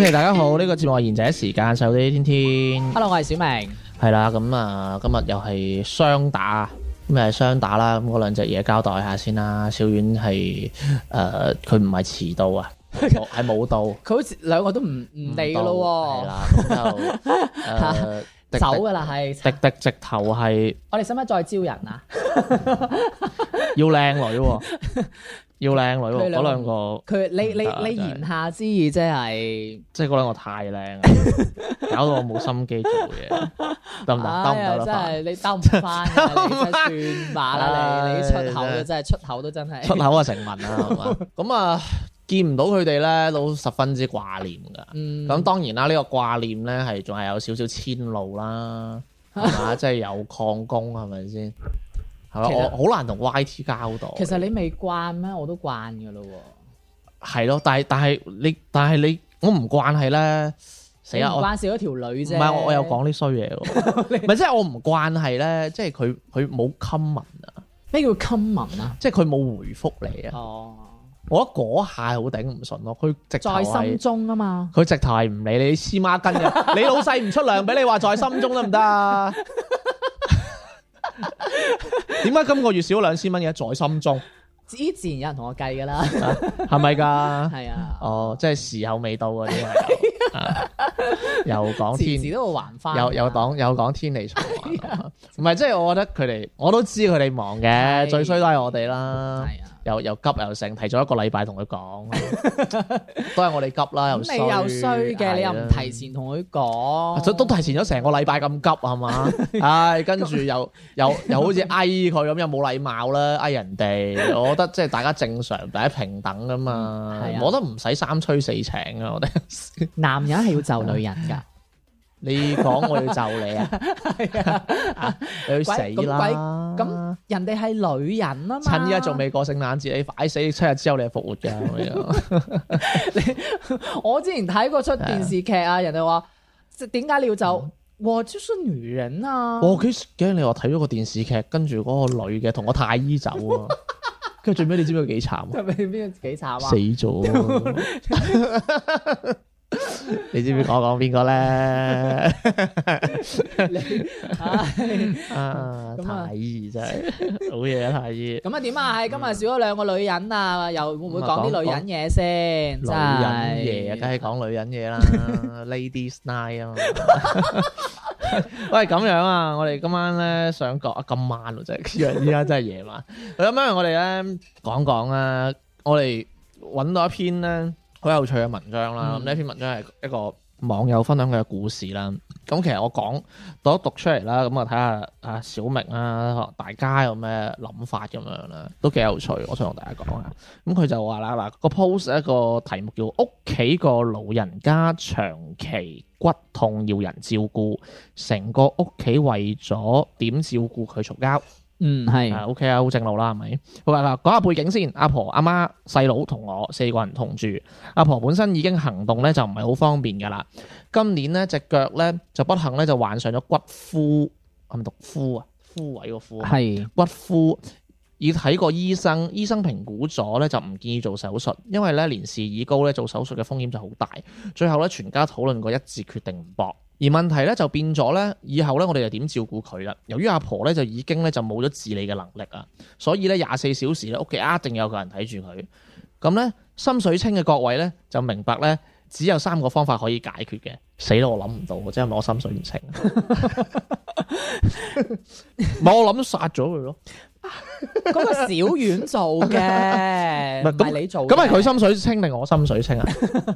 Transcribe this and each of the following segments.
o 大家好，呢、這個節目係賢者時間，細佬啲天天。Hello，我係小明。係啦，咁啊，今日又係雙打，咁又係雙打啦。咁嗰兩隻嘢交代下先啦。小遠係誒，佢唔係遲到啊，係冇到。佢好似兩個都唔唔理噶咯。係啦，就走噶啦，係滴滴直頭係。 我哋使唔使再招人啊？ 要靚女喎！要靚女，嗰兩個佢你你你言下之意即係，即係嗰兩個太靚，搞到我冇心機做嘢，得唔得？得唔得啦？真係你兜唔翻？算吧啦，你你出口真係出口都真係出口啊成文啦，係嘛？咁啊見唔到佢哋咧，都十分之掛念噶。咁當然啦，呢個掛念咧係仲係有少少遷怒啦，即係有曠工係咪先？係咯，其實我好難同 YT 交代。其實你未慣咩？我都慣噶咯。係咯，但係但係你但係你我唔慣係咧，死啦！唔慣少咗條女啫。唔係我我有講啲衰嘢。唔係即係我唔慣係咧，即係佢佢冇襟文啊。咩叫襟文啊？即係佢冇回覆你啊。哦，我嗰下好頂唔順咯。佢在心中啊嘛。佢直頭係唔理你黐孖筋嘅。你， 你老細唔出糧俾你話在心中得唔得啊？ 點解今個月少兩千蚊嘅在心中？之前有人同我計噶啦，係咪噶？係啊，哦，即係時候未到啊，因為 又講天時，都 會還翻， 又又講又講天理循環，唔係 呀，即係我覺得佢哋，我都知佢哋忙嘅，最衰都係我哋啦。又又急又剩，提早一個禮拜同佢講， 都係我哋急啦，又衰又衰嘅，你又唔、啊、提前同佢講，都提前咗成個禮拜咁急係嘛？唉、 哎，跟住又 又又好似唉佢咁，又冇禮貌啦，唉人哋，我覺得即係大家正常， 大家平等噶嘛，我覺得唔使三催四請啊，我哋男人係要就女人噶。 你講我要咒你啊！ 的 你去死啦！咁人哋係女人啊嘛，趁依家仲未過聖誕節，你快死你七日之後你係復活噶！我之前睇過出電視劇啊，人哋話點解你要走？我就是女人啊！我佢驚你話睇咗個電視劇，跟住嗰個女嘅同我太醫走啊，跟住 最尾你知唔知幾慘？最尾邊個幾慘啊？ 死咗了。 你知唔知講講邊個咧？啊太二真係好嘢啊！啊太二咁啊點啊？今日少咗兩個女人啊，又會唔會講啲女人嘢先？真係爺梗係講女人嘢啦，Ladies Night 啊嘛，嗯。 喂，咁樣啊，我哋今晚咧想講啊，咁 ，uh, 晚啊真係，而家真係夜晚。咁樣我哋咧講講啊，我哋搵到一篇咧，好有趣嘅文章啦！咁呢篇文章係一個網友分享嘅故事啦。咁、嗯、其實我講讀一讀出嚟啦，咁啊睇下阿小明啊大家有咩諗法咁樣啦，都幾有趣。我想同大家講啊，咁佢就話啦嗱個 post 一個題目叫屋企個老人家長期骨痛要人照顧，成個屋企為咗點照顧佢嘈交。嗯係，啊 OK 啊，好、okay，正路啦，係咪？好啊嗱，講下背景先。阿婆阿媽細佬同我四個人同住。阿婆本身已經行動咧就唔係好方便噶啦。今年呢隻腳咧就不幸咧就患上咗骨枯，係咪毒枯啊？枯萎個枯啊。係是骨枯，已睇過醫生，醫生評估咗咧就唔建議做手術，因為咧年事已高咧做手術嘅風險就好大。最後咧全家討論過一致決定唔搏。而問題咧就變咗咧，以後咧我哋就點照顧佢啦？由於阿婆咧就已經咧就冇咗自理嘅能力啊，所以咧廿四小時咧屋企一定有個人睇住佢。咁咧心水清嘅各位咧就明白咧，只有三個方法可以解決嘅。 死啦！我諗唔到，或者係我心水唔清？冇諗殺咗佢咯～嗰 個小丸做嘅，唔係 是你做。咁係佢心水清定我心水清啊？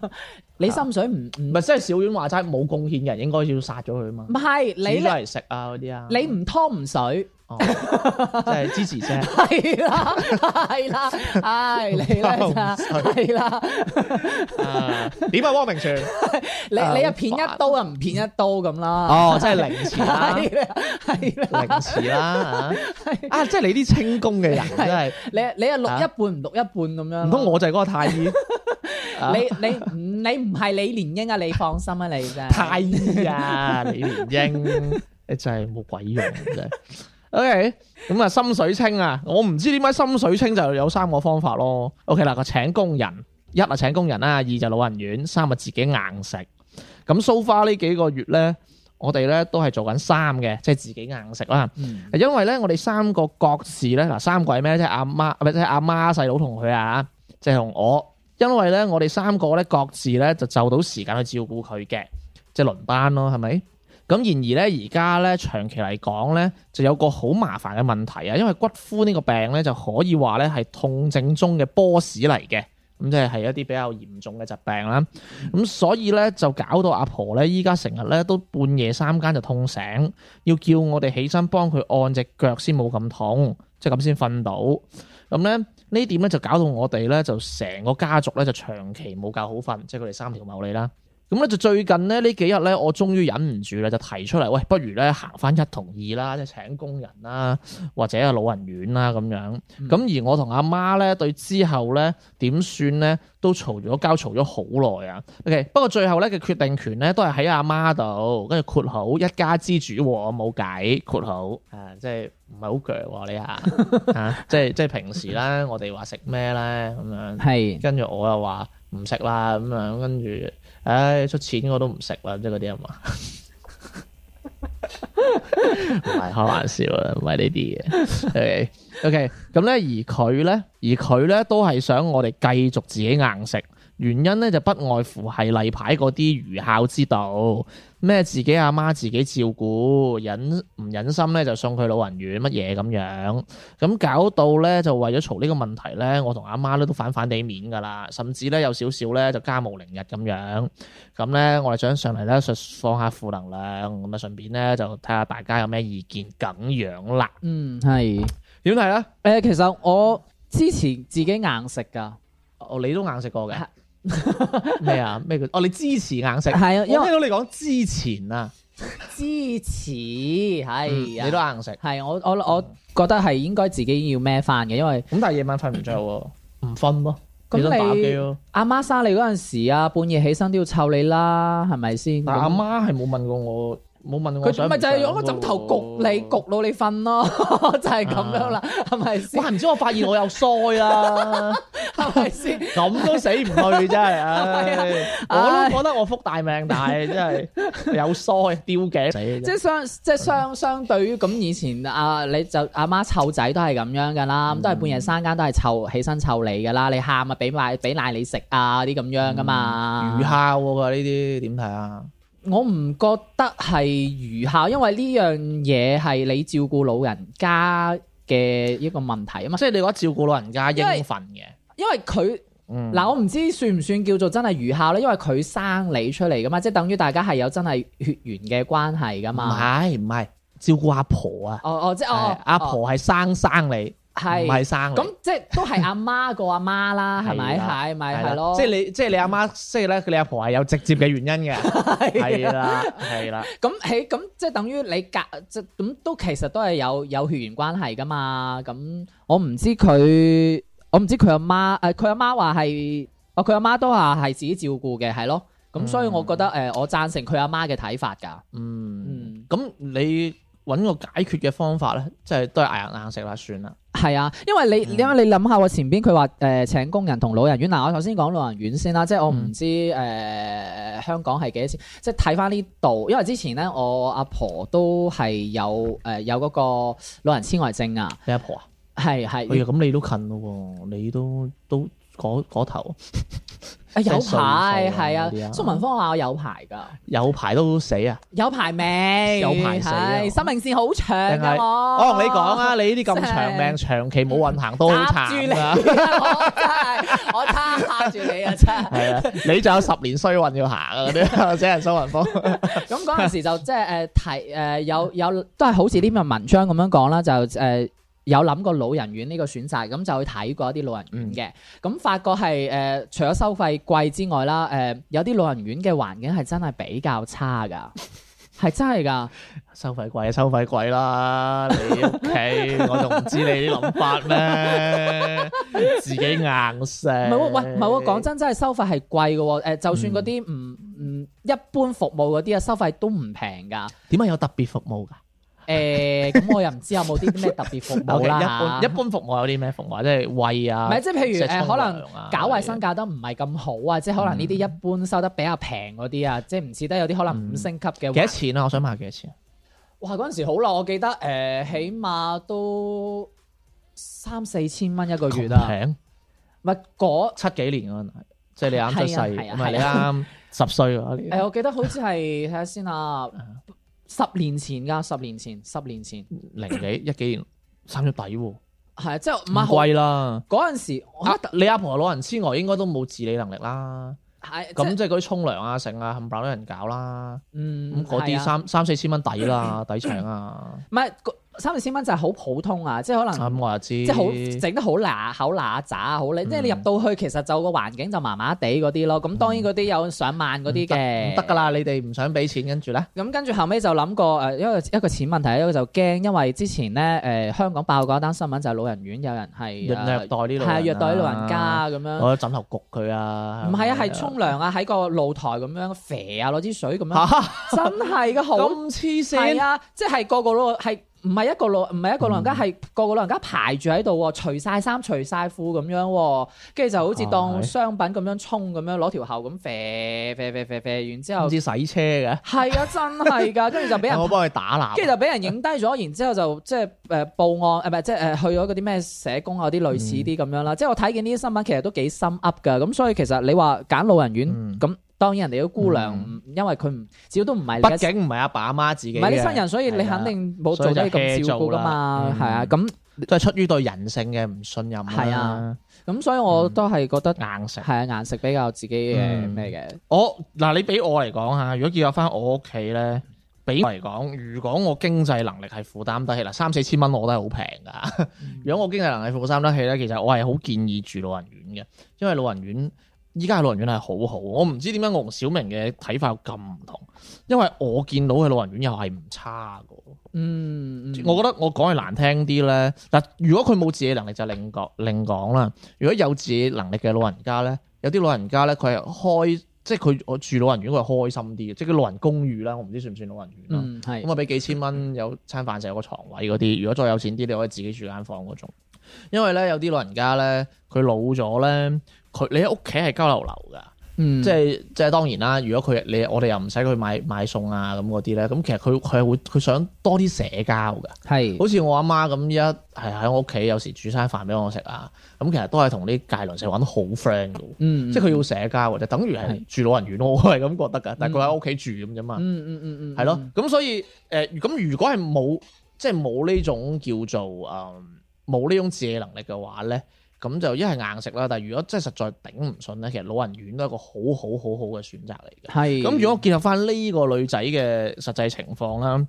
你心水唔唔，唔係即係小丸話齋冇貢獻嘅人應該要殺咗佢啊嘛？唔係是，你嚟食啊嗰啲啊，啊你唔湯唔水。即係、哦、支持啫，係 啦，係啦，係嚟啦，係啦，點 會 啊，汪明荃，你你啊片一刀啊唔片一刀咁啦，哦，即係凌遲啦，係 啦，凌遲啦， 啊，即係你啲清宮嘅人真係、啊，你你啊錄一半唔錄一半咁樣，唔通我就係嗰個太醫，你你你唔係李蓮英啊，你放心啊，你真係， 太醫啊，李蓮英，你真係冇鬼用真 O K，咁啊，心、okay, 水清啊，我唔知點解心水清就有三個方法咯。O K 嗱，個請工人，一啊請工人啦，二就老人院，三啊自己硬食。咁 so far 呢幾個月咧，我哋咧都係做緊三嘅，即、就、係、是、自己硬食啦。嗯、因為咧，我哋三個各自咧，嗱三個係咩？即係阿媽，唔係即係阿媽細佬同佢啊，即係同我。因為咧，我哋三個咧各自咧就就到時間去照顧佢嘅，即係輪班咯，係咪？咁然而咧，而家咧長期嚟講咧，就有個好麻煩嘅問題啊！因為骨膚呢個病咧，就可以話咧係痛症中嘅波士嚟嘅，咁即係係一啲比較嚴重嘅疾病啦。咁、嗯、所以咧就搞到阿婆咧，依家成日咧都半夜三更就痛醒，要叫我哋起身幫佢按隻腳先冇咁痛，即係咁先瞓到。咁、嗯、咧呢點咧就搞到我哋咧就成個家族咧就長期冇覺好瞓，即係佢哋三條毛你啦。咁咧就最近咧呢幾日咧，我終於忍唔住啦，就提出嚟喂，不如咧行翻一同二啦，即係請工人啦，或者啊老人院啦咁樣。咁、嗯、而我同阿媽咧對之後咧點算咧都嘈咗交，嘈咗好耐啊。O K，不過最後咧嘅決定權咧都係喺阿媽度，跟住括號一家之主，我冇計括號，誒， 即係唔係好強呢下啊？即係即係平時咧，我哋話食咩咧咁樣，係跟住我又話唔食啦咁樣，跟住。唉，出錢我都唔食啦，即係嗰啲吖嘛，唔係開玩笑啦，唔係、okay, okay，呢啲嘢。O K，咁咧而佢咧而佢咧都係想我哋繼續自己硬食，原因咧就不外乎係例牌嗰啲愚孝之道。咩自己阿媽自己照顧，忍唔忍心咧就送佢去老人院乜嘢咁樣，咁搞到咧就為咗嘈呢個問題咧，我同阿媽咧都反反地面噶啦，甚至咧有少少咧就家無寧日咁樣，咁咧我哋想上嚟咧放下負能量，咁啊順便咧就睇下大家有咩意見咁樣啦。嗯，係點睇咧？誒，其實我之前自己硬食噶，哦，你都硬食過嘅。咩 啊？咩叫哦？你支持硬食係啊？因為我聽到你講、啊、 支持啊，支持係啊，你都硬食係。我我我覺得係應該自己要孭翻嘅，因為咁但係夜晚瞓唔着喎，唔瞓咯。咁 你都打機咯阿媽、啊、生你嗰陣時啊，半夜起身都要湊你啦，係咪先？但阿媽係冇問過我。冇問我，唔係就係用個枕頭焗你，焗到你瞓咯，就係咁樣啦，係咪先？哇！唔知我發現我有腮啦，係咪先？咁都死唔去真係，我都覺得我福大命大，真係有腮，吊頸。即係相即係相相對於咁以前，阿你就阿媽湊仔都係咁樣噶啦，都係半夜三更都係湊起身湊你噶啦，你喊咪俾奶、俾奶你食啊啲咁樣噶嘛。魚蝦喎，呢啲點睇啊？我唔覺得係愚孝，因為呢樣嘢係你照顧老人家嘅一個問題啊嘛，所以你話照顧老人家應份嘅。因為佢嗱、嗯，我唔知算唔算叫做真係愚孝咧，因為佢生你出嚟噶嘛，即係等於大家係有真係血緣嘅關係噶嘛。唔係唔係照顧阿婆啊？哦哦，即係是哦，阿婆係生、哦、生你。係唔係生？咁即係都係阿媽個阿媽啦，係咪？係咪係咯？即係你媽媽， 即係你阿媽，即係咧，你阿婆係有直接嘅原因嘅，係 啦吧，係啦。咁喺咁即係等於你隔即咁，都其實都係有有血緣關係噶嘛。咁我唔知佢，我唔知佢阿媽誒，佢阿媽話係，哦，佢阿媽都話係自己照顧嘅，係咯。咁所以我覺得誒，我贊成佢阿媽嘅睇法噶。嗯，咁你搵個解決嘅方法咧，即係都係挨硬食啦，算啦。係啊，因為你，嗯、因為你諗下我前邊佢話誒請工人同老人院。嗱，我頭先講老人院先啦，即係我唔知誒、嗯呃、香港係幾多錢。即係睇翻呢度，因為之前咧我阿婆都係有誒有嗰個老人痴呆症啊。你阿婆啊？係係。哦，咁你都近咯喎，你都都嗰嗰頭。 數數啊，啊有排，係啊蘇文芳話我有排噶有排都死啊有排未有排死，啊啊、生命線好長啊。我我同你講啊你呢啲咁長命長期冇運行都好差。我差，差住你啊真係係 啊你就有十年衰運要行啊嗰啲死人蘇文芳咁嗰陣時就即係誒提誒、呃、有有都係好似呢咁文章咁樣講啦就誒。呃有諗過老人院呢個選擇，咁就去睇過一啲老人院嘅，咁發覺係誒除咗收費貴之外啦，誒、呃、有啲老人院嘅環境係真係比較差噶，係 真係噶、啊，收費貴啊收費貴啦， 你屋企我仲唔知你啲諗法咩， 自己硬性唔係喂唔係，講真真係收費係貴嘅，誒就算嗰啲唔唔一般服務嗰啲啊，收費都唔平噶，點解有特別服務噶？誒，咁我又唔知有冇啲咩特別服務啦。一般服務有啲咩服務啊？即係喂啊？唔係，即係譬如可能搞衛生搞得唔係咁好啊！即係可能呢啲一般收得比較平嗰啲啊，即係唔似得有啲可能五星級嘅。幾多錢啊？我想問下幾多錢啊？哇！嗰陣時好耐，我記得誒，起碼都三四千蚊一個月啊。平咪嗰七幾年嗰陣，即係你啱出世，唔係你啱十歲嗰年。誒，我記得好似係睇下先啊。十年前㗎，十年前，十年前零幾一幾年，三隻底喎，啊。係，即係唔貴啦。嗰陣時，啊，啊你阿婆老人痴呆，我應該都冇自理能力啦。係的，咁即係嗰啲沖涼啊、剩啊，冚唪唥都人搞啦。嗯，咁嗰啲三的三四千蚊抵啦，抵錢 啊。唔係。三四千蚊就係好普通啊，即係可能，話知，即係好整得好乸口乸渣好靚，即係你入到去其實就個環境就麻麻地嗰啲咯。咁當然嗰啲有上萬嗰啲嘅，唔得噶啦，你哋唔想俾錢跟住咧。咁跟住後尾就諗過誒，因為一個錢問題，一個就驚，因為之前咧誒香港爆過一單新聞就老人院有人係虐待呢，係啊虐待老人家咁樣，攞枕頭焗佢啊，唔係啊，係沖涼啊，喺個露台咁樣肥啊攞支水咁樣，真係噶好黐線啊，即係個個都係。唔係一個老唔係一個老人家，係、嗯、個個老人家排住喺度除晒衫除晒褲咁樣，跟住就好似當商品咁樣衝咁樣攞條喉咁啡啡啡啡啡完之後好似洗車嘅，係啊真係噶，跟住就俾人我幫佢打爛，跟住就俾人影低咗，然之後就即係誒報案，誒唔即係誒去咗嗰啲咩社工啊啲類似啲咁樣啦。嗯、即係我睇見呢啲新聞其實都幾心噏噶，咁所以其實你話揀老人院咁。嗯當然人哋啲姑娘，因為佢唔，至少都唔係。畢竟唔係阿爸阿媽自己。唔係啲新人，所以你肯定冇做得咁照顧㗎嘛，係啊，咁都係出於對人性嘅唔信任。係啊，咁所以我都係覺得硬食。係啊，硬食比較自己嘅咩嘅。我嗱你俾我嚟講吓，如果叫返翻我屋企咧，俾我嚟講，如果我經濟能力係負擔得起嗱三四千蚊，我覺得係好平㗎。如果我經濟能力負擔得起咧，其實我係好建議住老人院嘅，因為老人院。依家嘅老人院係好好，我唔知點解我同小明嘅睇法有咁唔同，因為我見到嘅老人院又係唔差㗎。嗯。嗯，我覺得我講嘢難聽啲咧，嗱，如果佢冇自己能力就另講，另講啦。如果有自己能力嘅老人家咧，有啲老人家咧，佢係開，即係佢我住老人院佢係開心啲嘅，即係佢老人公寓啦，我唔知算唔算老人院啦。咁啊，嗯，俾幾千蚊有餐飯就有個床位嗰啲。嗯，如果再有錢啲，你可以自己住間房嗰種。因為咧，有啲老人家咧，佢老咗咧。佢你喺屋企係交流流噶、嗯，即係即係當然啦。如果佢你我哋又唔使佢買買餸啊咁嗰啲咧，咁其實佢佢會佢想多啲社交嘅。係是，好似我阿媽咁，依家係喺我屋企，有時煮餐飯俾我食啊。咁其實都係同啲街鄰社玩得好 friend 嘅，嗯嗯、即係佢要社交或者等於係住老人院咯，我係咁覺得噶。但係佢喺屋企住咁啫嘛，係咯。咁所以誒，咁、呃、如果係冇即係冇呢種叫做誒，冇呢種自理能力嘅話咧。咁就一係硬食啦，但係如果真係實在頂唔順咧，其實老人院都係一個好好好好嘅選擇嚟嘅。係是，咁如果結合翻呢個女仔嘅實際情況啦，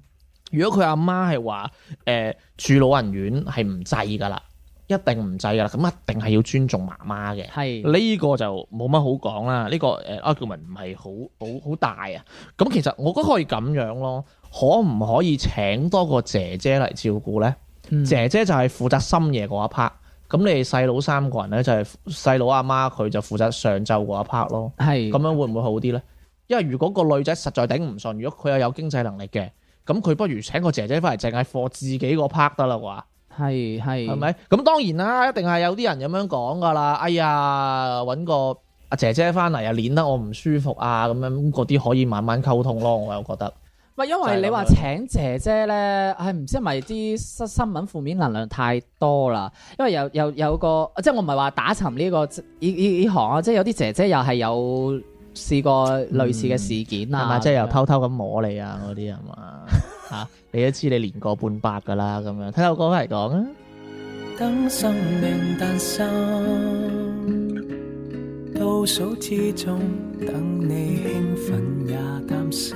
如果佢阿媽係話誒住老人院係唔制噶啦，一定唔制噶啦，咁一定係要尊重媽媽嘅。係是，呢個就冇乜好講啦。呢個誒 argument 唔係好好好大啊。咁其實我覺得可以咁樣咯，可唔可以請多個姐姐嚟照顧咧？嗯、姐姐就係負責深夜嗰一 part。咁你細佬三個人咧，就係細佬阿媽，佢就負責上晝嗰一 part 咯，咁樣會唔會好啲咧？因為如果個女仔實在頂唔順，如果佢又有經濟能力嘅，咁佢不如請個姐姐翻嚟淨係課自己個 part 得啦啩？係係係咪？咁當然啦，一定係有啲人咁樣講噶啦。哎呀，搵個阿姐姐翻嚟啊，練得我唔舒服啊，咁樣嗰啲可以慢慢溝通咯，我又覺得。喂，因為你話請姐姐咧，唉，唔知係咪啲新新聞負面能量太多啦？因為有有有個，即係我唔係話打沉呢、呢個呢呢行啊，即係有啲姐姐又係有試過類似嘅事件啊，即係又偷偷咁摸你啊嗰啲 啊嘛嚇，你都知你年過半百噶啦咁樣，睇下哥哥嚟講啊！等生命誕生，倒數之中，等你興奮也擔心。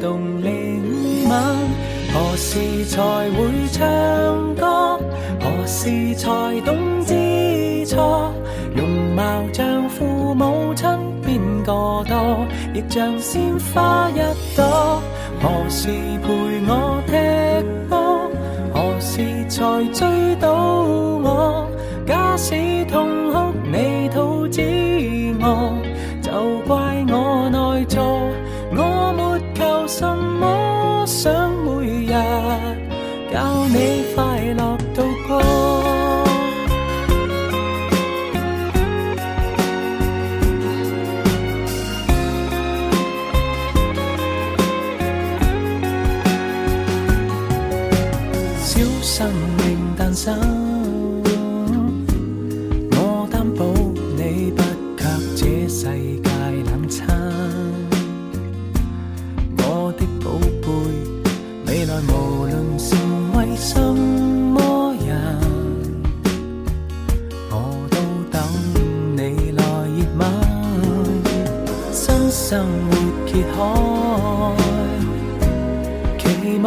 動靈吻，何時才會唱歌？何時才懂知錯？容貌像父母親邊個多，亦像鮮花一朵。何時陪我踢波？何時才追到我？假使痛哭你肚子餓，就怪。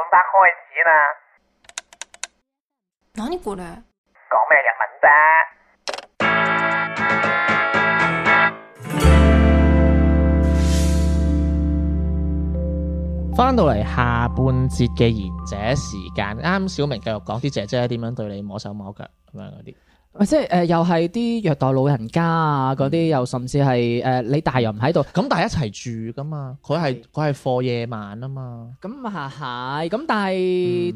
本筆開始啦。咩嘢嚟？講咩日文啫？返到嚟下半節嘅賢者時間，啱小明繼續講啲姐姐點樣對你摸手摸腳咁樣嗰啲。即係誒、呃，又係啲虐待老人家啊，嗰啲又甚至係誒、呃，你大人唔喺度，咁但係一齊住噶嘛。佢係佢係課夜晚啊嘛，咁啊係，咁但係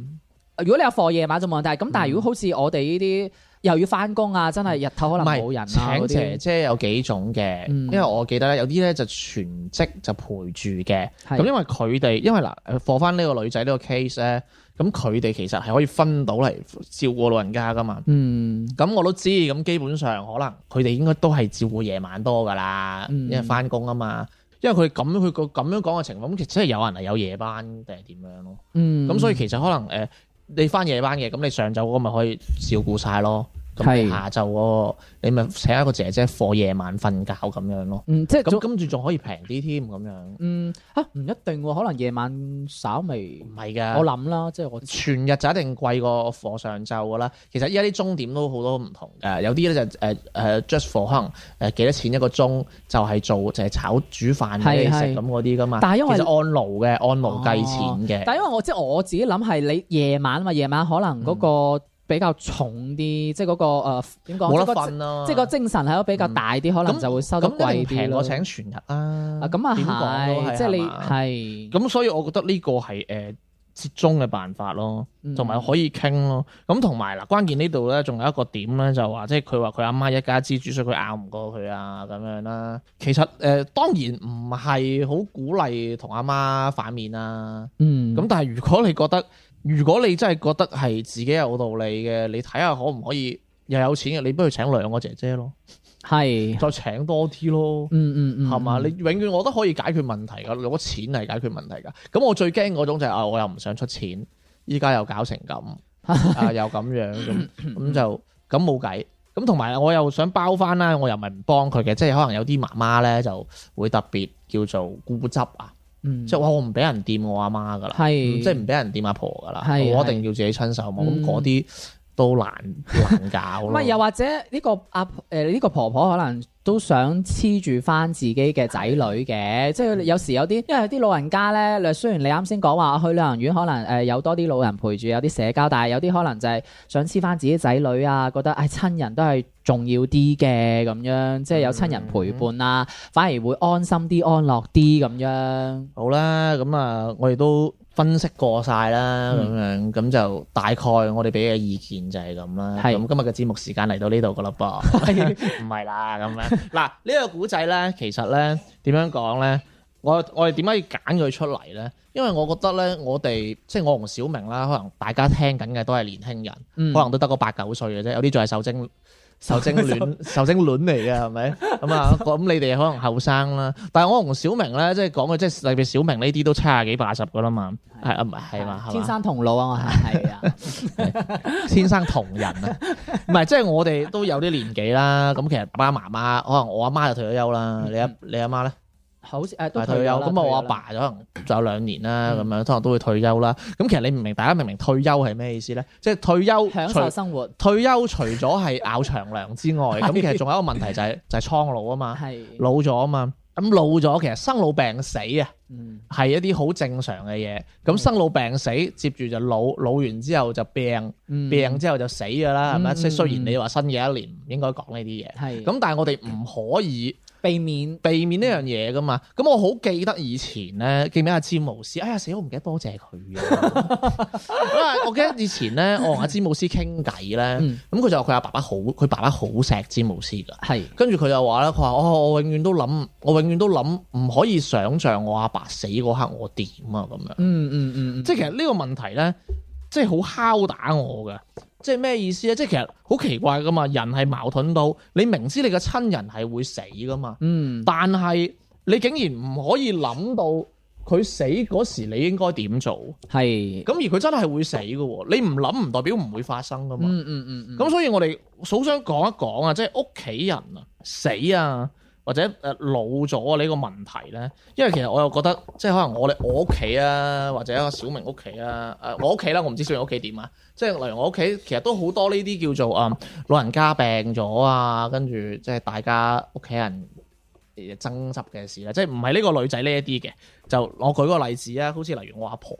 如果你有課夜晚就冇問題，咁、嗯、但係如果好似我哋呢啲又要翻工啊，真係日頭可能冇人啊嗰啲，即係請姐姐有幾種嘅。嗯、因為我記得咧，有啲咧就全職就陪住嘅，咁的因為佢哋因為嗱，課翻呢個女仔呢個 case 咧，咁佢哋其實係可以分到嚟照顧老人家噶嘛。嗯咁我都知，咁基本上可能佢哋應該都係照顧夜晚多噶啦，嗯、因為翻工啊嘛。因為佢咁佢個咁樣講嘅情況，咁其實係有人係有夜班定係點樣咯？咁、嗯、所以其實可能誒、呃，你翻夜班嘅，咁你上晝嗰咪可以照顧晒咯。咁你下晝個你咪請一個姐姐課是，夜晚瞓覺咁樣咯。嗯，即係咁，跟住仲可以平啲添咁樣。嗯，嚇、啊、唔一定喎，可能夜晚稍微唔係嘅。我諗啦，即係我全日就一定貴過課上晝㗎啦。其實依家啲鐘點都好多唔同嘅。有啲咧就誒、是、誒、uh, uh, just for 可能誒幾多錢一個鐘，就係、是、做就係、是、炒煮飯俾你食咁嗰啲㗎嘛。是是但係因為其實按勞嘅按勞計錢嘅、啊。但因為我即係我自己諗係你夜晚嘛，夜晚可能嗰個、嗯。比較重啲，即係、那、嗰個誒，點、呃、講，得啊、即係個精神係都比較大啲，嗯、可能就會收到啲咯。咁你平過請全日啊？咁啊，係即係你係。咁所以我覺得呢個係誒折中嘅辦法咯，同埋可以傾咯。咁同埋嗱，關鍵呢度咧，仲有一個點咧，就話即係佢話佢阿媽一家之主，所以佢拗唔過佢啊，咁樣啦。其實誒、呃，當然唔係好鼓勵同阿媽反面啦。嗯。咁但係如果你覺得，如果你真係覺得係自己有道理嘅，你睇下可唔可以又有錢嘅，你不如請兩個姐姐咯，係是，再請多啲咯，嗯嗯嗯，係、嗯、嘛、嗯？你永遠我都可以解決問題㗎，攞錢嚟解決問題㗎。咁我最驚嗰種就係、是、啊、呃，我又唔想出錢，依家又搞成咁，啊又咁樣咁，咁、 嗯、就咁冇計。咁同埋我又想包返啦，我又唔係唔幫佢嘅，即係可能有啲媽媽咧就會特別叫做固執啊。即係話我唔俾人掂我阿媽噶啦，是即係唔俾人掂阿婆噶啦，是是我一定要自己親手摸，咁嗰啲。都難難搞咯。 又或者呢個阿誒呢個婆婆可能都想黐住翻自己嘅仔女嘅， 即係有時有啲，因為有啲老人家呢，你雖然你啱先講話去旅行院可能誒有多啲老人陪住，有啲社交，但係有啲可能就係想黐翻自己仔女啊，覺得誒、哎、親人都係重要啲嘅咁樣，即係有親人陪伴啊， 反而會安心啲、安樂啲咁樣。好啦，咁啊，我哋都。分析過晒啦，咁樣咁就大概我哋俾嘅意見就係咁啦。咁係今日嘅節目時間嚟到呢度㗎啦噃，唔係啦咁樣。嗱、這個、呢個古仔咧，其實咧點樣講咧？我我哋點解要揀佢出嚟咧？因為我覺得咧，我哋即係我同小明啦，可能大家聽緊嘅都係年輕人，嗯、可能都得個八九歲嘅啫，有啲仲係受精。受精卵，受精卵嚟嘅係咪？咁啊，咁你哋可能後生啦，但係我同小明咧，即係講嘅，即係特別小明呢啲都差廿幾八十噶啦嘛，係啊，唔係係嘛，天生同老啊，我係啊，啊 天生同人啊，唔係， 即係我哋都有啲年紀啦。咁其實爸爸媽媽，可能我阿媽就退咗休啦，你阿你阿媽咧？ 好誒都退休啦，咁我阿爸可能仲有兩年啦，咁樣通常都會退休啦。咁其實你唔明，大家明明退休係咩意思咧？即係退休，享受生活。退休除咗係咬長糧之外，咁其實仲有一個問題就係就係蒼老啊嘛，老咗啊嘛。咁老咗其實生老病死啊，係一啲好正常嘅嘢。咁生老病死接住就老，老完之後就病，病之後就死㗎啦，係咪？即雖然你話新嘅一年唔應該講呢啲嘢，係咁，但係我哋唔可以，避免避免呢樣嘢噶嘛，咁我好記得以前咧，記唔、啊、記得阿詹姆斯？哎呀死！我唔記得多謝佢。啊。 我記得以前咧、啊，我同阿詹姆斯傾偈咧，咁佢就話佢阿爸爸好，佢爸爸好錫詹姆斯噶。係，跟住佢就話咧，佢話我我永遠都諗，我永遠都諗唔可以想像我阿爸，爸死嗰刻我點啊咁樣。嗯嗯嗯即係其實呢個問題咧。即係好敲打我㗎，即係咩意思咧？即係其實好奇怪噶嘛，人係矛盾到你明知你嘅親人係會死噶嘛，嗯，但係你竟然唔可以諗到佢死嗰時你應該點做？係是，咁而佢真係會死㗎喎，你唔諗唔代表唔會發生噶嘛？嗯嗯嗯嗯，咁、嗯嗯嗯、所以我哋好想講一講啊，即係屋企人啊死啊。或者誒老咗呢個問題咧，因為其實我又覺得，即係可能我哋我屋企啊，或者一個小明屋企啊，誒我屋企啦，我唔知小明屋企點啊，即係例如我屋企，其實都好多呢啲叫做啊老人家病咗啊，跟住即係大家屋企人爭執嘅事咧，即係唔係呢個女仔呢一啲嘅，就我舉個例子啊，好似例如我阿婆，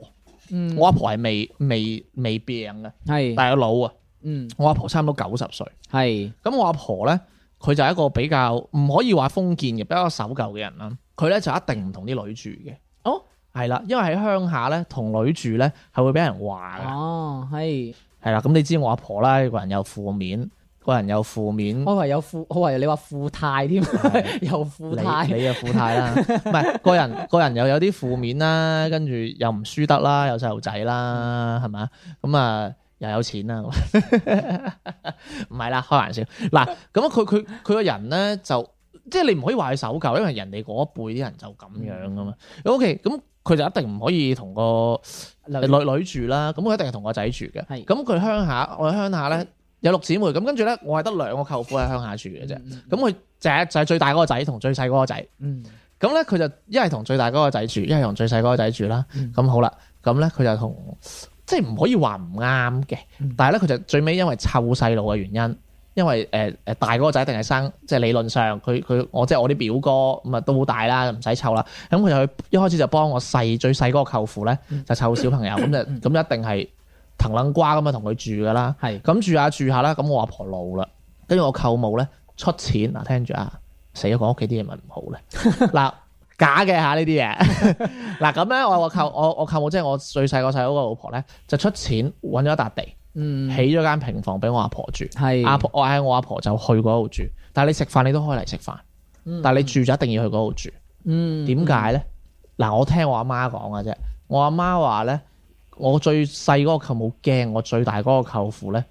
嗯，我阿婆係未未未病嘅，係是，但係老啊，嗯，我阿婆差唔多九十歲，係是，咁我阿婆咧。佢就係一個比較唔可以話封建嘅比較守舊嘅人啦。佢咧就一定唔同啲女住嘅。哦，係啦，因為喺鄉下咧，同女住咧係會俾人話哦，係。係啦，咁、嗯、你知我阿婆啦，個人有負面，個人有負面。我以為有富，我以為你話富太添，的又富太。你嘅富太啦，唔係 個人，個人又有啲負面啦，跟住又唔輸得啦，有細路仔啦，係咪？咁啊。嗯有錢啦，唔係 啦，開玩笑嗱。咁佢佢佢個人咧，就即係你唔可以話佢守舊，因為人哋嗰一輩啲人就咁樣噶嘛。O K，咁佢就一定唔可以同個女女，女住啦。咁佢一定係同個仔住嘅。係是。咁佢鄉下，我喺鄉下咧有六姊妹。咁跟住咧，我係得兩個舅父喺鄉下住嘅啫。咁佢、嗯、就就係最大嗰個仔同最細嗰個仔。嗯。咁咧，佢就一係同最大嗰個仔住，一係同最細嗰個仔住啦。咁、嗯、好啦，咁咧佢就同。即係唔可以話唔啱嘅，但係咧佢就最尾因為湊細路嘅原因，因為誒誒、呃、大嗰個仔一定係生，即係理論上佢佢我即係、就是、我啲表哥咁啊都好大啦，唔使湊啦。咁、嗯、佢就一開始就幫我細最細嗰個舅父咧就湊小朋友，咁就咁一定係藤捻瓜咁啊同佢住噶啦。係咁是住下住下啦，咁我阿婆老啦，跟住我舅母咧出錢嗱、啊，聽住啊，死咗講屋企啲嘢咪唔好咧嗱。 假嘅吓、啊、 呢啲嘢，嗱咁咧，我我舅我我舅母即係我最細個細佬個老婆咧，就出錢搵咗一笪地，嗯，起咗間平房俾我阿婆住，係阿、嗯、婆我嗌我阿婆就去嗰度住，但係你食飯你都可以嚟食飯，但係你住就一定要去嗰度住嗯嗯，嗯，點解咧？嗱，我聽我阿媽講嘅啫，我阿媽話咧，我最細嗰個舅母驚我最大嗰個舅父咧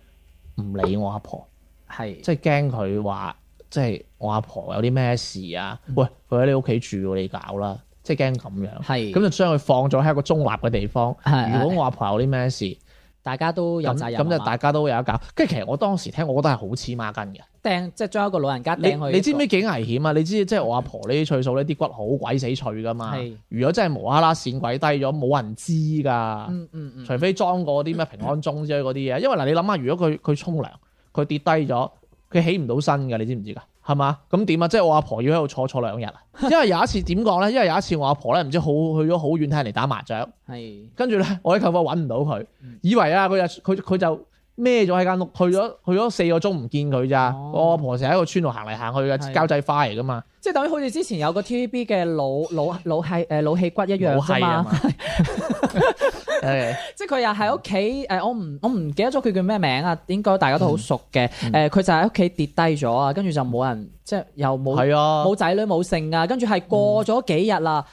唔理我阿婆，係即係驚佢話。即係我阿婆有啲咩事啊？喂，佢喺你屋企住，你搞啦！即係驚咁樣，係咁就將佢放咗喺一個中立嘅地方。係，如果我阿婆有啲咩事，大家都有責任。咁就大家都有得搞。跟住其實我當時聽，我覺得係好黐孖筋嘅。掟即係將一個老人家掟去，你你知唔知幾危險啊？你知即係我阿婆呢啲歲數呢啲骨好鬼死脆噶嘛。係，如果真係無啦啦跣鬼低咗，冇人知㗎。嗯嗯嗯。除非裝過啲咩平安鐘之類嗰啲嘢，因為嗱，你諗下，如果佢佢沖涼，佢跌低咗。佢起唔到身噶，你知唔知噶？係嘛？咁點啊？即係我阿婆要喺度坐坐兩日啊！因為有一次點講咧？因為有一次我阿婆咧，唔知好去咗好遠，睇人哋打麻雀。係是。跟住咧，我喺舅父揾唔到佢，以為啊，佢啊，佢佢就咩咗喺間屋，去咗去咗四個鐘唔見佢咋？哦、我阿婆成日喺個村度行嚟行去嘅是交際花嚟噶嘛？即係等於好似之前有個 TVB 嘅老老老氣誒老氣骨一樣啫嘛。 誒，Okay. 即係佢又喺屋企誒，我唔我唔記得咗佢叫咩名啊，應該大家都好熟嘅。誒、嗯，佢、嗯呃、就喺屋企跌低咗啊，跟住就冇人即係又冇係啊，冇仔、嗯、女冇剩啊，跟住係過咗幾日啦，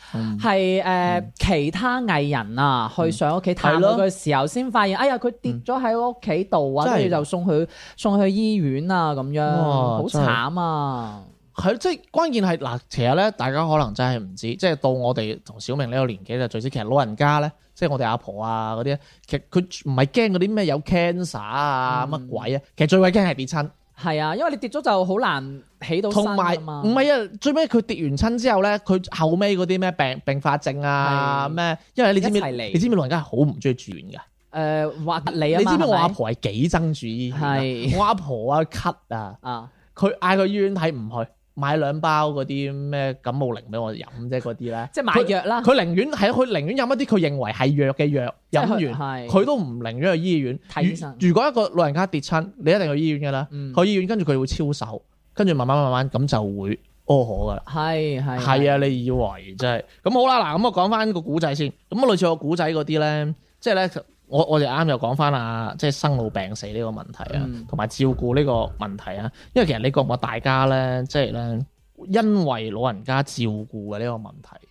係誒其他藝人啊去上屋企探佢嘅時候，先發現的哎呀佢跌咗喺屋企度啊，跟住、嗯、就送去送去醫院啊，咁樣好慘哇啊！係，即係關鍵係嗱，其實咧，大家可能真係唔知，即係到我哋同小明呢個年紀就最緊，其實老人家咧，即係我哋阿婆啊嗰啲，其實佢唔係驚嗰啲咩有 cancer 啊乜鬼啊，其實、啊鬼嗯、其實最鬼驚係跌親。係啊、嗯，因為你跌咗就好難起到，同埋唔係啊，最尾佢跌完親之後咧，佢後尾嗰啲咩病併發症啊咩，因為你知唔知、呃你你，你知唔知老人家係好唔中意住院㗎？誒，話你啊，你知唔知我阿婆係幾憎住醫院？係。我阿婆啊咳啊，佢嗌佢醫院睇唔去。買兩包嗰啲咩感冒靈俾我飲啫，嗰啲咧，即係買藥啦。佢寧願係佢寧願飲一啲佢認為係藥嘅藥，飲完佢都唔寧願去醫院睇醫生。看起來如果一個老人家跌親，你一定去醫院噶啦，嗯、去醫院跟住佢會超手，跟住慢慢慢慢咁就會 OK 噶啦。係係係啊！你以為真係咁好啦？嗱，咁我講翻個古仔先。咁啊，類似個古仔嗰啲咧，即係咧。我我哋啱又講翻啊，即係生老病死呢個問題啊，同埋、嗯、照顧呢個問題啊。因為其實你覺唔覺大家咧，即係咧，因為老人家照顧嘅呢個問題，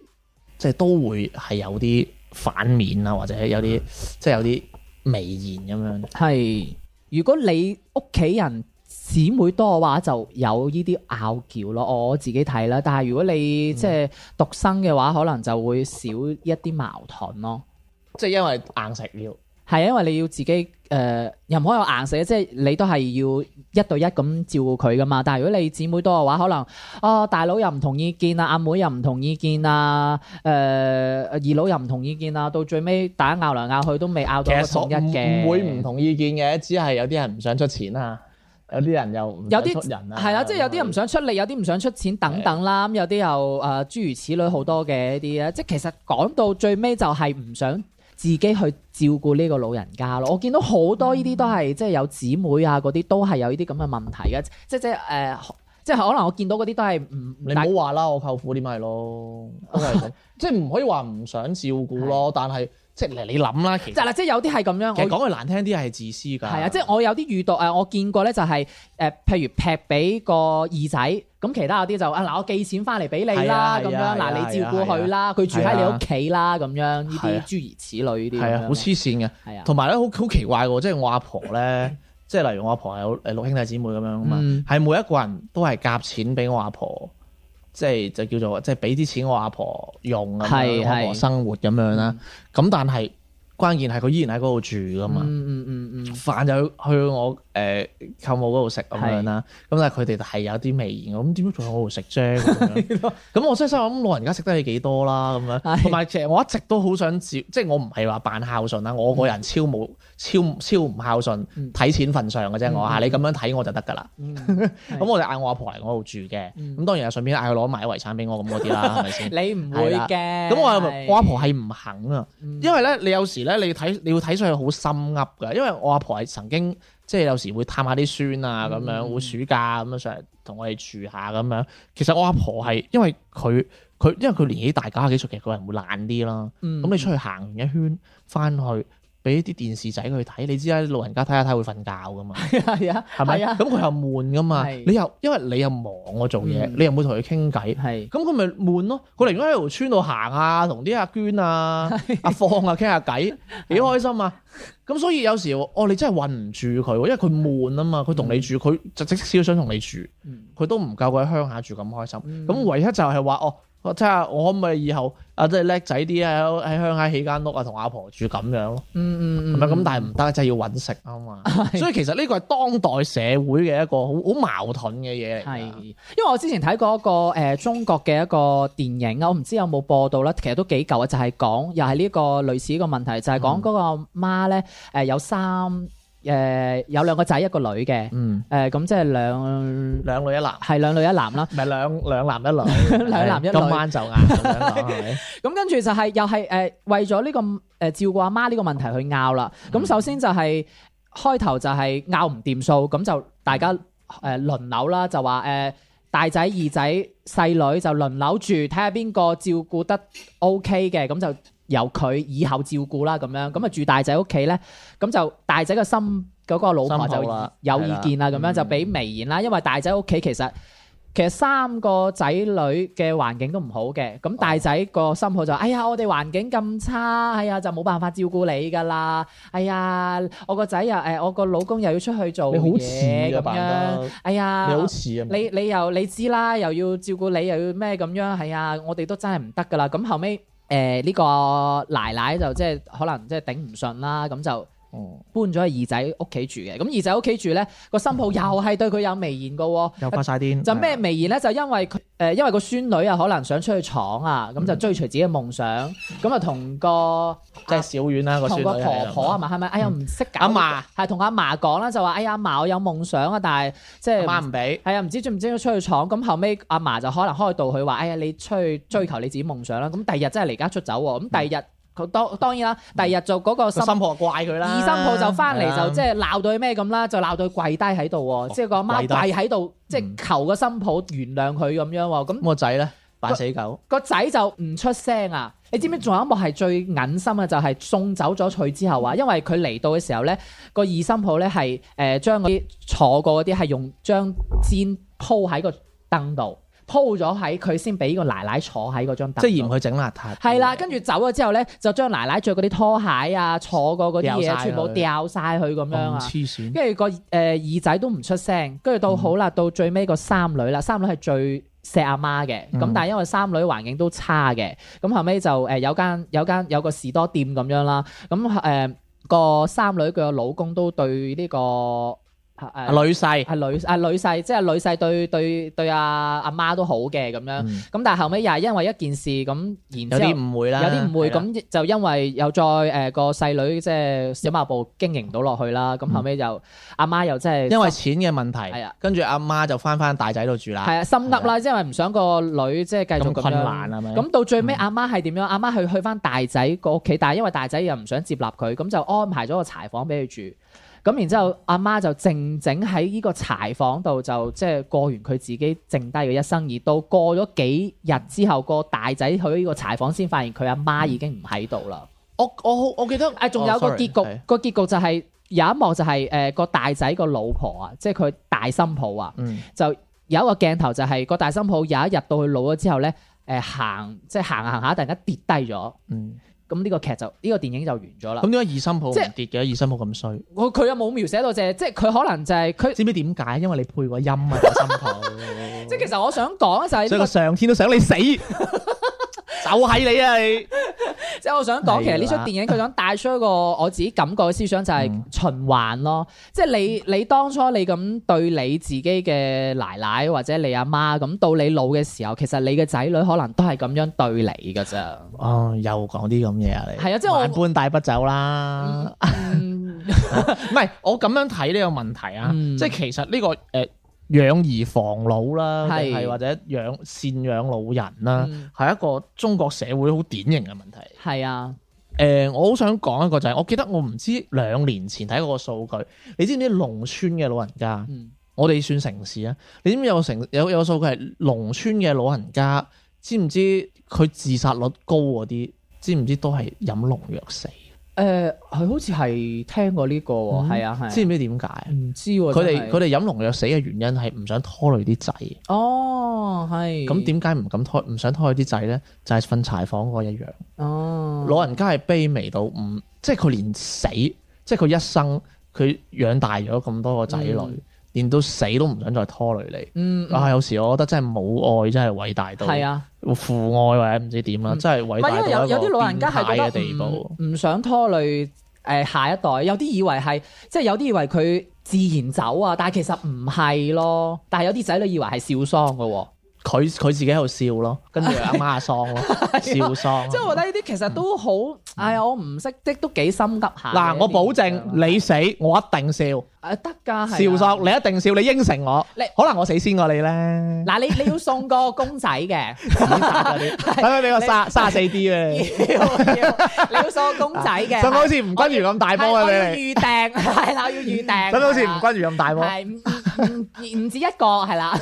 即係都會係有啲反面啊，或者有啲即係有啲微言咁樣。係，如果你屋企人姊妹多嘅話，就有呢啲拗撬咯。我自己睇啦。但係如果你、嗯、即係獨生嘅話，可能就會少一啲矛盾咯。即係因為硬食料。係因為你要自己誒、呃，又唔可以硬死。即係你都係要一對一咁照顧佢噶嘛。但係如果你姊妹多嘅話，可能啊、哦、大佬又唔同意見啊，阿妹又唔同意見啊，誒、呃、二佬又唔同意見啊，到最尾大家拗來拗去都未拗到同一個一嘅。唔會唔同意見嘅，只係有啲人唔想出錢啊，有啲人又唔想出錢，有啲些人係啊，即係有啲人唔想出力，有啲唔想出錢等等啦。咁的有啲又誒、呃、諸如此類好多嘅一啲啊，即係其實講到最尾就係唔想。自己去照顧呢個老人家咯，我見到好多呢啲都係，即係有姊妹啊嗰啲都係有呢啲咁嘅問題嘅。即即誒、呃、即係可能我見到嗰啲都係唔，你唔好話啦，我舅父點咪係咯，都、okay，係、so. 即係唔可以話唔想照顧咯， 但係。即係你諗啦，其實啦，即係有啲係咁樣。其實講句難聽啲係自私㗎。係啊，即係我有啲遇到誒，我見過咧就係誒，譬如劈俾個二仔，咁其他有啲就啊嗱，我寄錢翻嚟俾你啦，咁樣嗱你照顧佢啦，佢住喺你屋企啦，咁樣呢啲諸如此類呢啲。係啊，好黐線嘅。係啊，同埋咧好好奇怪喎，即係我阿婆咧，即係例如我阿婆有誒六兄弟姊妹咁樣啊嘛，係每一個人都係夾錢俾我阿婆。即係就叫做即係俾啲錢我阿婆用咁樣，是是我阿婆生活咁樣啦。咁但係關鍵係佢依然喺嗰度住噶嘛。嗯嗯嗯嗯，飯、嗯、就、嗯嗯、去我。誒，舅母嗰度食咁樣啦，咁但係佢哋係有啲微言，咁點解仲喺我度食啫？咁我即係想話，老人家食得你幾多啦？咁樣，同埋其實我一直都好想接，即係我唔係話扮孝順啦，我個人超冇超超唔孝順，睇錢份上嘅啫，我吓你咁樣睇我就得噶啦。咁我就嗌我阿婆嚟我度住嘅，咁當然又順便嗌佢攞埋啲遺產俾我咁嗰啲啦，係咪先？你唔會嘅，咁我我阿婆係唔肯啊，因為咧你有時咧你睇你要睇上去好深悒噶，因為我阿婆係曾經。即係有時會探下啲孫啊，咁樣、嗯、會暑假咁樣上嚟同我哋住下咁樣。其實我阿婆係因為佢佢因為佢年紀大，嗯、九廿幾歲，其實個人會懶啲啦。咁、嗯、你出去行完一圈，翻去。俾啲電視仔佢去睇，你知啦，老人家睇下睇會瞓覺噶嘛，係啊，係咪啊？咁佢又悶噶嘛，你又因為你又忙喎做嘢，你又冇同佢傾偈，係，咁佢咪悶咯？佢寧願喺條村度行啊，同啲阿娟啊、阿放啊傾下偈，幾開心啊！咁所以有時候、啊、哦，你真係困唔住佢，因為佢悶啊嘛，佢同你住，佢就即使想同你住，佢都唔夠佢喺鄉下住咁開心。咁唯一就係話哦。哦。我睇下我可唔可以以後啊，即係叻仔啲喺喺鄉下起間屋啊，同阿婆住咁樣咯。嗯嗯嗯。咁但係唔得，真係要搵食啊嘛。所以其實呢個係當代社會嘅一個好好矛盾嘅嘢嚟。係。因為我之前睇過一個誒中國嘅一個電影，我唔知有冇播到啦。其實都幾舊啊，就係講又係呢個類似呢個問題，就係講嗰個媽咧誒有三。誒、呃，有兩個仔一個女嘅，誒、呃，咁即係兩兩女一男，係兩女一男啦，唔係兩兩男一女，兩 男一女，今 晚、嗯嗯、 就嗌咁咁跟住就係又係誒、呃，為咗呢、這個誒、呃、照顧阿媽呢個問題去拗啦。咁、嗯、首先就係、是嗯、開頭就係拗唔掂數，咁、嗯、就大家誒輪流啦，就話誒、呃、大仔、二仔、細女就輪流住，睇下邊個照顧得 OK 嘅，咁就。由佢以後照顧啦，咁樣咁啊住大仔屋企咧，咁就大仔個心嗰個老婆就有意見啦，咁樣就俾微言啦。因為大仔屋企其實其實三個仔女嘅環境都唔好嘅，咁大仔個心抱就哎呀，我哋環境咁差，哎呀就冇辦法照顧你噶啦，哎呀我個仔又誒，我個老公又要出去做你好似咁樣，哎呀你好似啊，你你又你知啦，又要照顧你又要咩咁樣，係啊，我哋都真係唔得噶啦。咁後尾。誒呢個奶奶就即係可能即係頂唔順啦，咁就。哦，搬咗去二仔屋企住嘅，咁二仔屋企住咧個新抱又係對佢有微言嘅，又發晒癲。就咩微言咧？就因為佢誒，因為個孫女啊，可能想出去闖啊，咁就追隨自己嘅夢想，咁啊同個即係小遠啦，同個婆婆啊嘛，係咪？哎呀唔識搞，阿嫲係同阿嫲講啦，就話哎呀阿嫲，我有夢想啊，但係即係媽唔俾，係啊，唔知中唔知要出去闖，咁後尾，阿嫲就可能開導佢話，哎呀你出去追求你自己夢想啦，咁第二日真係離家出走，咁第二日。佢當當然啦，第二日就嗰個新抱怪佢啦，二新抱就翻嚟就即係鬧到佢咩咁啦，就鬧到佢跪低喺度，即係個阿媽跪喺度，即係求個新抱原諒佢咁樣。咁個仔咧，扮、嗯、死狗。個仔就唔出聲啊！你知唔知？仲有一幕係最隱心啊？就係、是、送走咗佢之後啊，因為佢嚟到嘅時候咧，個二新抱咧係誒將啲坐過嗰啲係用張氈鋪喺個凳度。鋪咗喺佢先，俾個奶奶坐喺嗰張凳。即係嫌佢整邋遢。係啦的，的跟住走咗之後咧，就將奶奶着嗰啲拖鞋啊、坐過嗰啲嘢，全部掉晒。佢咁樣啊。黐線！跟住個誒耳仔都唔出聲，跟住到好啦、嗯，到最尾個三女啦，三女係最錫阿媽嘅。咁、嗯、但係因為三女環境都差嘅，咁後尾就誒有間有間有，有個士多店咁樣啦。咁誒、呃嗰個三女佢個老公都對呢、這個。阿女婿，阿、啊、女，阿、啊、女婿，即係女婿對對對阿阿、啊、媽都好嘅咁樣，咁但係後尾又係因為一件事咁，然之後有啲誤會啦，有啲誤會，咁的就因為又再誒、呃、個細女即係小賣部經營到落去啦，咁後尾就阿的、啊、媽又即係因為錢嘅問題，係的啊，跟住阿媽就翻翻大仔度住啦，係啊，心諗啦，即係唔想個女即係繼續咁困難啊嘛嗎，咁到最尾，阿、啊、媽係點樣？阿、啊、媽去去翻大仔個屋企，但係因為大仔又唔想接納佢，咁就安排咗個柴房俾佢住。咁然之後，阿媽就靜靜喺呢個柴房度就即係過完佢自己剩低嘅一生，而到過咗幾日之後，個大仔去呢個柴房先發現佢阿媽已經唔喺度啦。我我我記得誒，仲、哎、有一個結局，個結局就係、係、有一幕就係誒個大仔個老婆啊，即係佢大新抱啊，嗯、就有一個鏡頭就係、係、個大新抱有一日到佢老咗之後咧，誒、呃、行即係、就係、行行行下突然間跌低咗。嗯。咁呢個劇就呢個電影就完咗啦。咁點解二心抱唔跌嘅？即二心抱咁衰？我佢又冇描寫到就即係佢可能就係、是、佢知唔知點解？因為你配個音啊，二心抱。 即係其實我想講就係、這個，所以個上天都想你死， 就係你啊你。即係我想講，其實呢出電影佢想帶出一個我自己感覺嘅思想，就係循環咯。嗯、即係你你當初你咁對你自己嘅奶奶或者你阿媽咁，到你老嘅時候，其實你嘅仔女可能都係咁樣對你噶咋哦，又講啲咁嘢啊。你係啊，即係萬般帶不走啦。唔係，我咁樣睇呢個問題啊，即係、嗯、其實呢、這個誒。呃養兒防老啦，定係或者養贍養老人啦，係、嗯、一個中國社會好典型嘅問題。係啊、嗯，誒、呃，我好想講一個就係、是，我記得我唔知兩年前睇過個數據，你知唔知農村嘅老人家，嗯、我哋算城市啊？你知唔知有成有有數據係農村嘅老人家？知唔知佢自殺率高嗰啲？知唔知都係飲農藥死？誒，係、呃、好似係聽過呢、呢個，係、嗯、啊，啊知唔知點解？唔知佢哋佢哋飲農藥死嘅原因係唔想拖累啲仔。哦，係。咁點解唔敢拖？唔想拖累啲仔咧？就係、是、瞓柴房嗰一樣。哦，老人家係卑微到唔，即係佢連死，即係佢一生，佢養大咗咁多個仔女。嗯連到死都唔想再拖累你。嗯，但、嗯啊、有時我覺得真係母愛真係偉大到，係啊，父愛或者唔知點啦，嗯、真係偉大到一個變態嘅地步。因為有，有啲老人家係唔想拖累誒、呃、下一代，一有啲以為係，即、就、係、是、有啲以為佢自然走啊，但係其實唔係咯。但係有啲仔女以為係笑喪嘅。佢佢自己喺度笑咯，跟住阿媽阿喪咯，笑喪。即係我覺得呢啲其實都好，唉，我唔識即都幾心急下。嗱，我保證你死，我一定笑。誒，得㗎，係。笑喪，你一定笑，你應承我。你可能我死先過你咧。嗱，你你要送個公仔嘅，使唔使俾個卅卅四 D 嘅？你要送個公仔嘅，使唔使好似吳君如咁大波嘅俾你？預訂係啦，要預訂。使唔使好似吳君如咁大波？係，唔止一個係啦。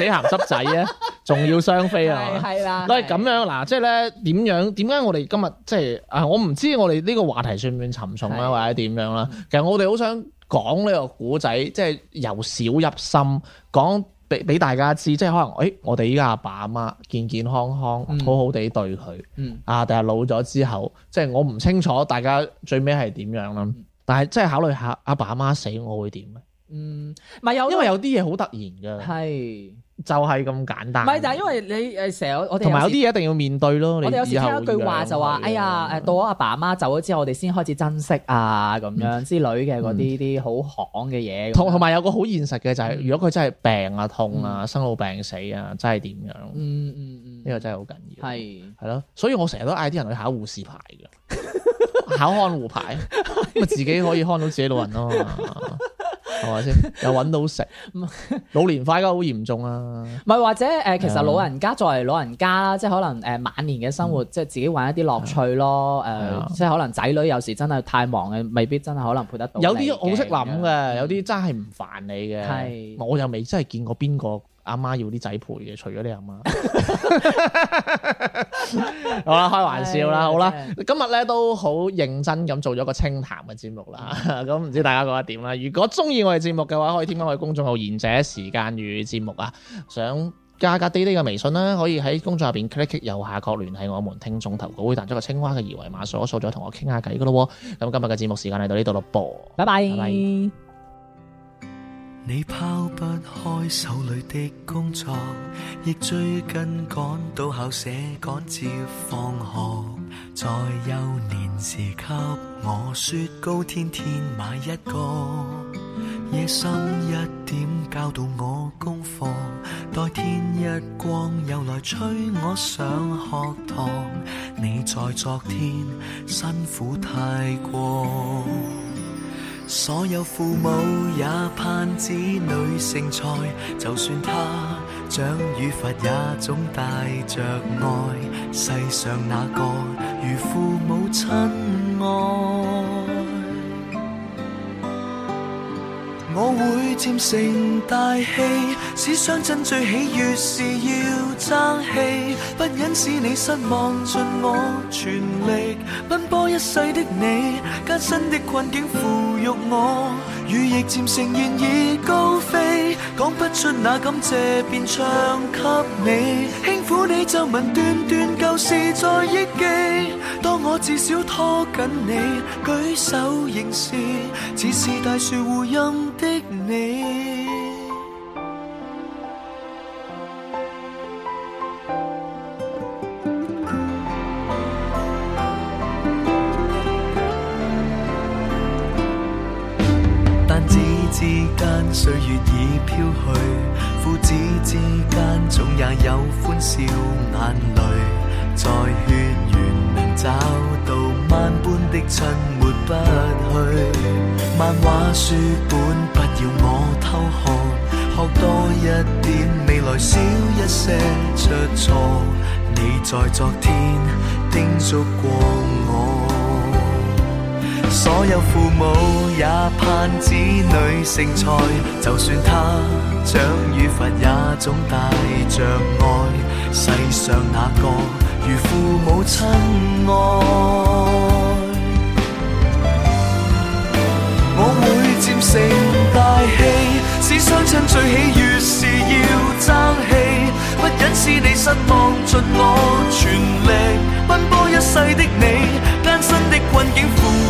死鹹濕仔啊！仲 要雙飛啊！係啦， 都係咁樣嗱，即係咧點樣？點解我哋今日即係啊？我唔知我哋呢個話題算唔算沉重咧，的或者點樣啦？嗯、其實我哋好想講呢個古仔，即係由少入深，講俾俾大家知，即係可能誒、哎，我哋依家阿爸阿媽健健康康，好好地對佢、嗯，嗯啊，但係老咗之後，即係我唔清楚大家最尾係點樣啦。但係即係考慮下阿爸阿媽死，我會點咧？嗯，咪有，因為有啲嘢好突然噶，係就係咁簡單。唔係就係因為你誒，成日我同埋有啲嘢一定要面對咯。我有時聽一句話就話，哎呀，誒，到我阿爸阿媽走咗之後，我哋先開始珍惜啊，咁樣之類嘅嗰啲啲好巷嘅嘢。同同埋有個好現實嘅就係，如果佢真係病啊、痛啊、生老病死啊，真係點樣？嗯嗯嗯，呢個真係好緊要。係係咯，所以我成日都嗌啲人去考護士牌㗎，考看護牌，咁自己可以看護自己老人咯。係咪先？又搵到食，老年化而家好嚴重啊！唔係 或者誒，其實老人家作為老人家啦，即係可能誒晚年嘅生活，即係自己玩一啲樂趣咯。誒，嗯、 即係可能仔女有時真係太忙嘅，未必真係可能陪得到有我。有啲好識諗嘅，有啲真係唔煩你嘅。係，我又未真係見過邊個。阿媽要啲仔陪嘅，除咗你阿媽， 好啦，開玩笑啦，好啦，今日咧都好認真咁做咗個清談嘅節目啦，咁唔、嗯嗯、知大家覺得點啦？如果中意我哋節目嘅話，可以添加我哋公眾號《賢者時間與節目》啊，想加加啲啲嘅微信啦，可以喺公眾入邊 click 右下角聯繫我們聽眾投稿，會彈出個青蛙嘅二維碼掃一掃再同我傾下偈㗎咯喎。咁今日嘅節目時間嚟到呢度咯，播，拜拜。你不開手裏的工作，亦最近趕到校舍趕接放學。在幼年時給我雪糕，天天買一個。夜深一點教導我功課，待天日光又來催我上學堂。你在昨天辛苦太過。所有父母也盼子女成才，就算他長與佛也總帶着愛。世上哪個如父母親愛？我會漸成大器，使雙親最喜悅。越是要爭氣，不忍使你失望，盡我全力，奔波一世的你，艱辛的困境撫育我。雨亦漸成，現已高飛，講不出那感謝，便唱給你。輕撫你皺紋，段段舊事再憶記。當我至少拖緊你，舉手仍是，只是大樹護蔭的你。歲月已飄去，父子之間總也有歡笑眼淚。在血緣能找到萬般的親，抹不去。漫畫書本不要我偷看，學多一點，未來少一些出錯。你在昨天叮囑過。所有父母也盼子女成才，就算他獎與罰也總帶着愛。世上哪個如父母親愛？我會漸成大器，使相親最起越是要爭氣，不忍使你失望，盡我全力，奔波一世的你，艱辛的困境。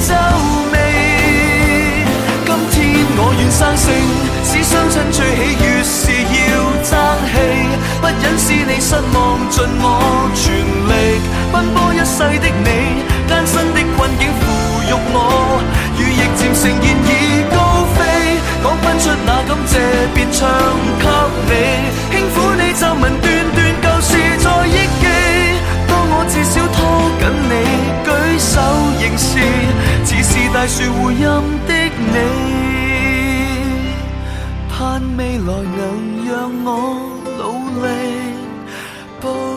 皺眉，今天我願生性，使雙親最喜悅，是要爭氣，不忍使你失望，盡我全力，奔波一世的你，艱辛的困境撫育我，羽翼漸成，現已高飛，講不出那感謝，便唱給你，輕撫你皺紋，段段舊事再憶記，當我至少。握緊你，舉手凝視，似是大樹回音的你。盼未來能讓我努力。